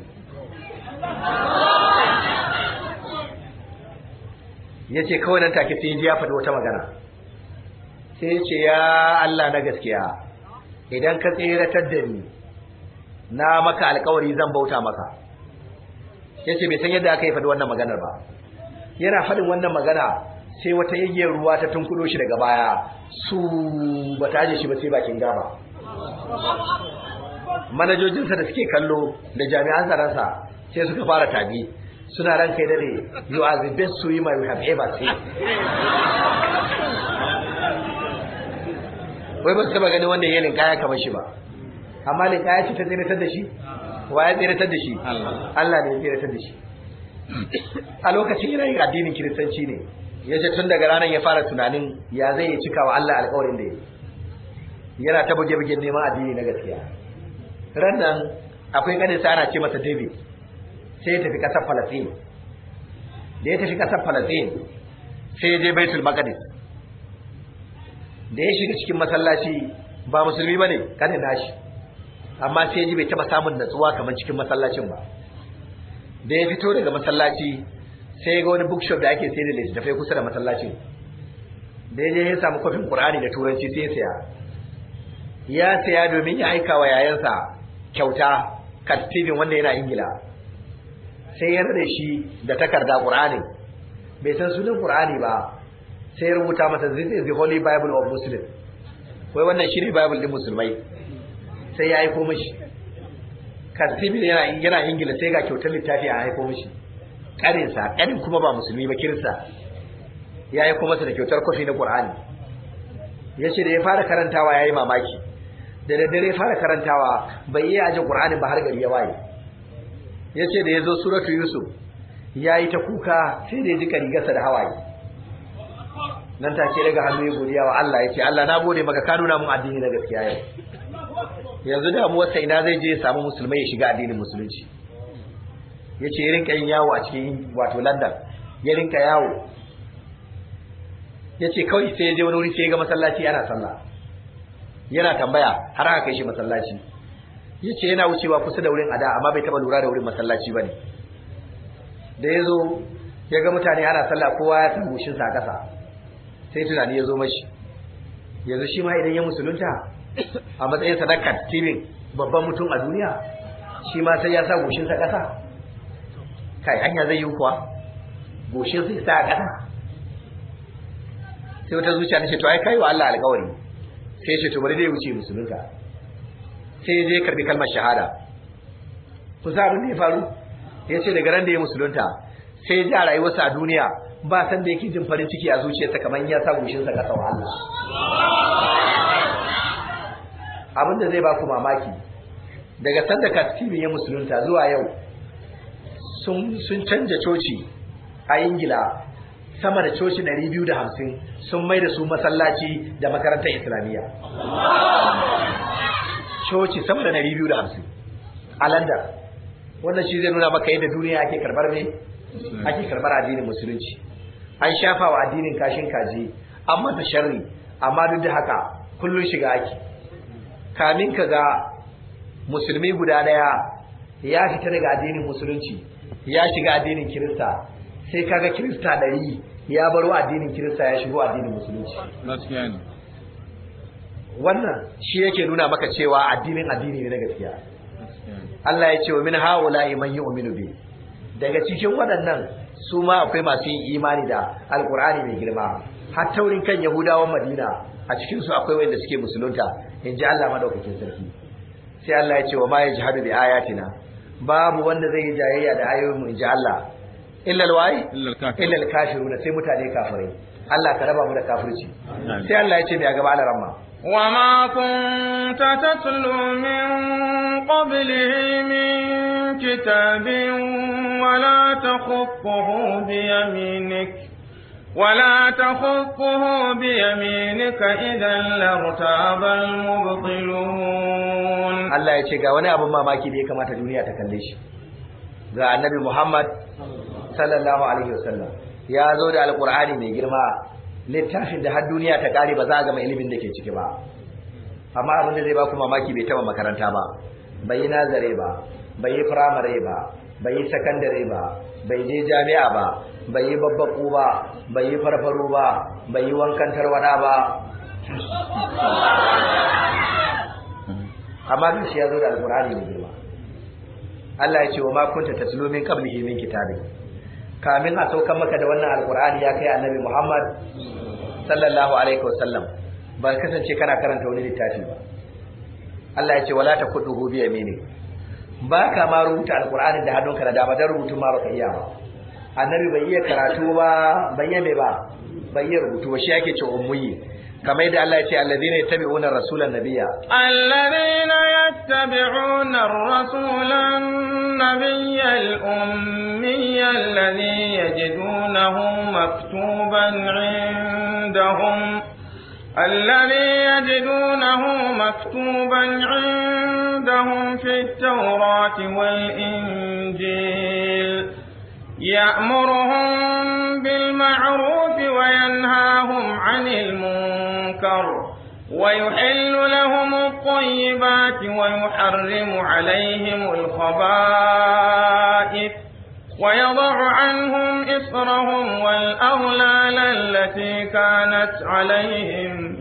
ya ce kawai nan take sai ya faɗi wata magana sai ce ya Allah na gaskiya idan ka tseratar da ni na maka alkawari zan bauta maka yace bai san yadda aka yi faɗi wannan maganar ba yana faɗin wannan magana sai wata yayyar ruwa ta tunkudo shi daga baya su ba ta aje shi ba sai bakin gaba manajojinsa da suke kallo da jami'an sa sai suka fara tabi suna ran da dare you are the best swimmer we have ever seen wai ba su taba gani wanda ya linkaya kamar shi ba amma linkaya ce ta tsiratar da shi wa ya tsiratar da shi Allah ne ya tsiratar da shi a lokacin yana yin addinin kiristanci ne ya ce tun daga ranar ya fara tunanin ya zai ya cika wa Allah alƙawarin da ya yana ta buge-bugen neman addini na gaskiya ran nan akwai ganin sa ana ce masa David sai ya tafi kasar Palestine da ya tafi kasar Palestine sai ya je Baitul Maqdis da ya shiga cikin masallaci ba musulmi bane kane nashi amma sai ji bai taba samun natsuwa kamar cikin masallacin ba da ya fito daga masallaci sai ga wani bookshop da ake sayar da fai kusa da masallacin da ya je ya samu kofin Qur'ani da turanci sai ya saya ya saya domin ya aika wa yayansa kyauta kattibin wanda yana Ingila sai ya rade shi da takarda Qur'ani bai san sunan Qur'ani ba sai rubuta mata this is the holy bible of muslim wai wannan shine bible din musulmai sai ya aiko mishi kastibin yana yana ingila sai ga kyautar littafi a haifo mishi karin sa karin kuma ba musulmi ba kirsa. ya aiko masa da kyautar kofi na qur'ani ce da ya fara karantawa yayi mamaki da dare fara karantawa bai iya aje qur'ani ba har gari ya waye Ya ce da ya zo suratu yusuf yayi ta kuka sai da ya ji rigarsa da hawaye nan ta ce daga hannu ya godiya wa Allah ya ce Allah na gode maka ka nuna mun addini na gaskiya yau yanzu da mu wata ina zai je ya samu musulmai ya shiga addinin musulunci ya ce ya rinka yin yawo a cikin wato London ya rinka yawo ya ce kawai sai ya je wani wuri sai ya ga masallaci ana sallah yana tambaya har aka kai shi masallaci ya ce yana wucewa kusa da wurin ada amma bai taba lura da wurin masallaci ba ne da ya zo ya ga mutane ana sallah kowa ya san goshinsa a ƙasa sai tunani ya zo mashi yanzu shi ma idan ya musulunta a matsayin sadaka tilin babban mutum a duniya shi ma sai ya sa goshinsa ƙasa kai hanya zai yi kuwa goshin sai sa ƙasa sai wata zuciya ta ce to ai kai wa Allah alƙawari sai ya ce to bari dai wuce musulunta sai ya je karbi kalmar shahada ku sa abin da ya faru ya ce daga ran da ya musulunta sai ya ji a rayuwarsa a duniya ba san da yake jin farin ciki a zuciyarsa kamar ya sa gushinsa ka sau Allah abin da zai ba ku mamaki daga sanda katibin ya musulunta zuwa yau sun sun canja coci a ingila sama da coci 250 sun mai da su masallaci da makarantar islamiyya coci sama da 250 a london wannan shi zai nuna maka yadda duniya ake karbar ne ake karbar addinin musulunci an shafa wa addinin kashin kaji an masa sharri amma duk da haka kullun shiga ake kamin ka ga musulmi guda daya ya fita daga addinin musulunci ya shiga addinin kirista sai kaga kirista ɗari ya baro addinin kirista ya shigo addinin musulunci wannan shi yake nuna maka cewa addinin addini ne na gaskiya Allah ya ce wa min haula man yu'minu bi daga cikin waɗannan su ma akwai masu yin imani da alkur'ani mai girma har taurin kan yahudawan madina a cikin su akwai wanda suke musulunta in ji Allah madaukakin sarki sai Allah ya ce wa ma yajhadu bi ayatina babu wanda zai yi jayayya da ayoyin mu in ji Allah illa alwai illa alkafiruna sai mutane kafirai Allah ka raba mu da kafirci sai Allah ya ce mai gaba alaramma وما كنت تتلو من قبله من كتاب ولا تخطه بيمينك ولا تخطه بيمينك إذا لارتاب المبطلون الله يشجع وانا أبو ماماكي دي كما تدوني أتكلش ذا النبي محمد صلى الله عليه وسلم يا زود على القرآن من جرمه littafin da har duniya ta kare ba za a gama ilimin da ke ciki ba amma abin da zai ba ku mamaki bai taba makaranta ba bai yi nazare ba bai yi firamare ba bai yi sakandare ba bai je jami'a ba bai yi babbaku ba bai yi farfaro ba bai yi wankan tarwada ba amma duk shi ya zo da alkur'ani ne girma Allah ya ce wa ma kunta tatlu min qablihi min kitabin kamin a saukan maka da wannan alkur'ani ya kai annabi muhammad sallallahu alaihi wasallam ba kasance kana karanta wani littafi ba Allah ya ce wala ta kudu hubi yamini ba ka ma rubuta alkur'ani da hannunka da dama dan rubutu ma baka iya ba annabi bai iya karatu ba bai iya mai ba bai iya rubutu ba shi yake ce ummi كما يدعي الله يتي الذين يتبعون الرسول النبي الذين يتبعون الرسول النبي الأمي الذي يجدونه مكتوبا عندهم الذي يجدونه مكتوبا عندهم في التوراة والإنجيل يأمرهم بالمعروف وينهاهم عن المنكر ويحل لهم الطيبات ويحرم عليهم الخبائث ويضع عنهم إصرهم والأغلال التي كانت عليهم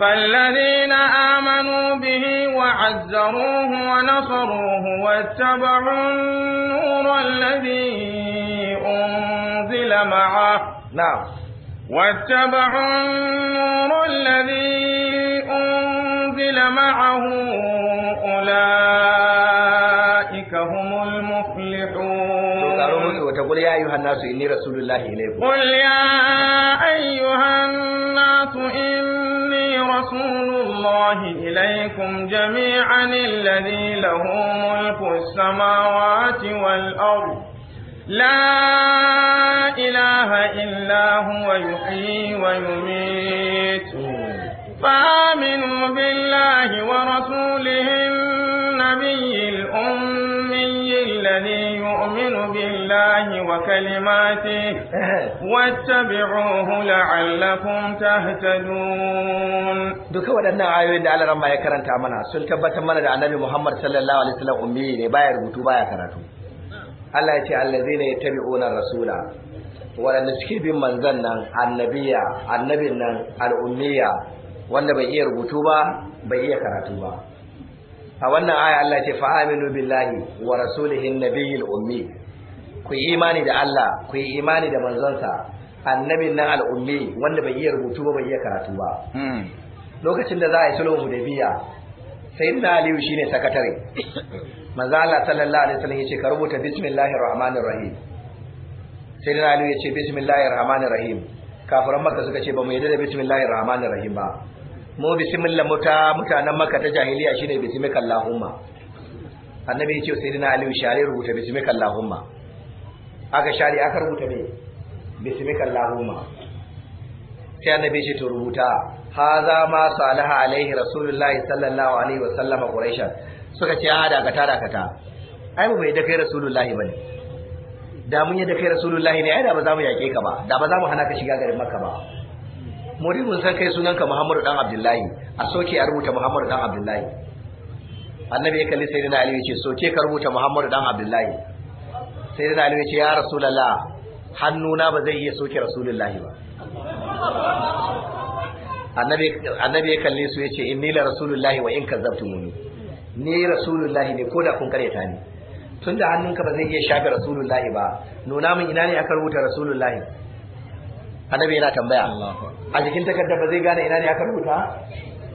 فالذين آمنوا به وعزروه ونصروه واتبعوا النور الذي أنزل معه نعم واتبعوا النور الذي أنزل معه أولئك هم المفلحون وتقول يا أيها الناس إني رسول الله إليكم قل يا أيها الناس إني رسول الله إليكم جميعا الذي له ملك السماوات والأرض لا إله إلا هو يحيي ويميت فآمنوا بالله ورسوله النبي الأمي الذي يؤمن duka waɗannan ayoyin da Allah ya karanta mana sun tabbatar mana da Annabi Muhammad sallallahu alaihi wasallam ummi ne baya rubutu baya karatu Allah ya ce allazina yattabi'una rasula waɗanda suke bin manzan nan annabiya annabin nan al'ummiya wanda bai iya rubutu ba bai iya karatu ba a wannan aya Allah ce fa aminu billahi wa rasulihin nabiyil ummi ku yi imani da Allah ku yi imani da manzonsa annabin nan al'ummi wanda bai iya rubutu ba bai iya karatu ba hmm. lokacin da za a yi sulhun hudaybiya sayyidina aliyu shine sakatare manzo Allah sallallahu alaihi wasallam yace ka rubuta bismillahir rahmanir rahim sai sayyidina aliyu yace bismillahir rahmanir rahim kafiran makka suka ce ba mu yarda da bismillahir rahmanir rahim ba mu bismillah muta mutanen makka ta jahiliya shine bismika allahumma annabi yace sayyidina ali share rubuta bismika allahumma aka share aka rubuta ne bismika allahumma sai annabi yace to rubuta haza ma salaha alaihi rasulullahi sallallahu alaihi wasallam quraishan suka ce a daga ta daga ta ai mu bai da kai rasulullahi bane da mun yi da kai rasulullahi ne ai da ba za mu yake ka ba da ba za mu hana ka shiga garin makka ba muridun san kai sunanka Muhammadu dan Abdullahi a soke a rubuta Muhammadu dan Abdullahi annabi ya kalli sayyidina Ali yace soke ka rubuta Muhammadu dan Abdullahi sayyidina Ali yace ya rasulullah hannuna ba zai iya soke rasulullahi ba annabi annabi ya kalle su yace inni la rasulullahi wa in muni. ni rasulullahi ne koda kun kareta ni tunda hannunka ba zai iya shafe rasulullahi ba nuna min ina ne aka rubuta rasulullahi annabi yana tambaya a jikin takarda ba zai gane ina ne aka rubuta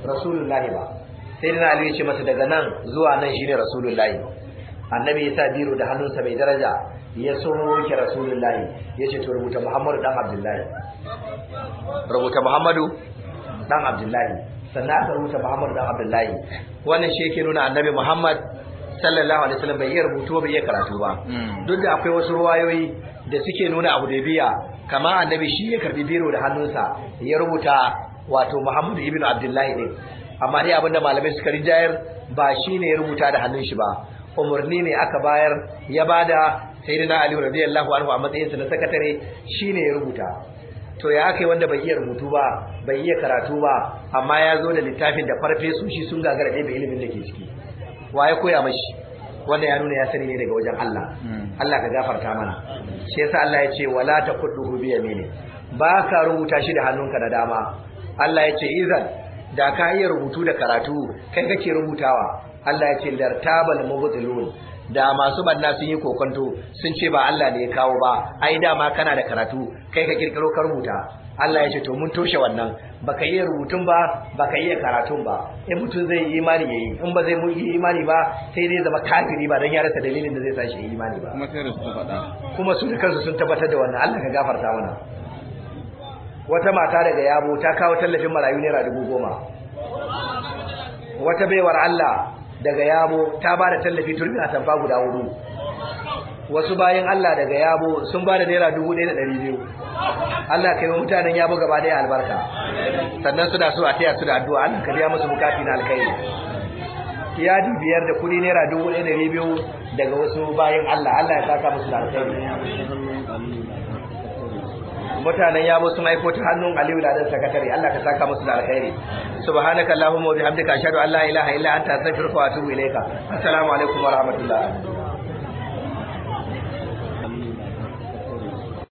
rasulullahi ba sai dana ali ya ce masa daga nan zuwa nan shine rasulullahi annabi ya sa biro da hannunsa mai daraja ya ki rasulullahi ya ce to rubuta muhammadu dan abdullahi rubuta muhammadu dan abdullahi sannan aka rubuta muhammadu dan abdullahi wannan shi yake nuna annabi muhammad sallallahu alaihi wasallam bai iya rubutu bai iya karatu ba hmm. duk da akwai wasu ruwayoyi da suke nuna abu dabiya kama annabi shi ya karbi biro da hannunsa ya rubuta wato Muhammadu ibn Abdullahi ne. amma dai abinda malamai suka rijayar ba shi ne ya rubuta da hannun shi ba Umarni ne aka bayar ya ba da sayyidina Ali radiyallahu anhu a matsayinsa na sakatare shi ne ya rubuta to ya kai wanda bai iya rubutu ba bai iya karatu ba amma ya zo da littafin da farfesoshi sun gagara ɗaya ilimin da ke ciki wa ya koya mashi wanda ya nuna ya sani ne daga wajen Allah hmm. Allah ka gafarta mana shi yasa Allah ya ce wala taqudduhu bi yamini ba ka rubuta shi da hannunka da dama Allah ya ce idan da ka iya rubutu da karatu kai kake rubutawa Allah ya ce lartabal mubtilun da masu banna sun yi kokonto sun ce ba Allah ne ya kawo ba ai dama kana da karatu kai ka kirkiro ka rubuta Allah ya ce to mun toshe wannan baka yi rubutun ba baka yi karatun ba in mutum zai yi imani yayi in ba zai yi imani ba sai dai zama kafiri ba dan ya rasa dalilin da zai sa shi imani ba kuma sai fada kuma su da kansu sun tabbatar da wannan Allah ka gafarta mana wata mata daga yabo ta kawo tallafin marayu naira dubu goma wata baiwar Allah daga yabo ta ba da tallafi turmi a tamfa guda hudu wasu bayan Allah daga yabo sun ba da naira dubu ɗaya da ɗari biyu Allah kai mutanen yabo gaba ɗaya albarka sannan suna so a taya su da addu'a Allah ka biya musu bukati na alkhairi Ya biyar da kuɗi naira dubu ɗaya da ɗari biyu daga wasu bayan Allah Allah ya saka musu da alkhairi mutanen yabo sun aiko ta hannun aliyu da sakatare Allah ka saka musu da alkhairi subhanaka allahumma wa bihamdika ashhadu an la ilaha illa anta astaghfiruka wa atubu ilaika assalamu alaikum wa rahmatullahi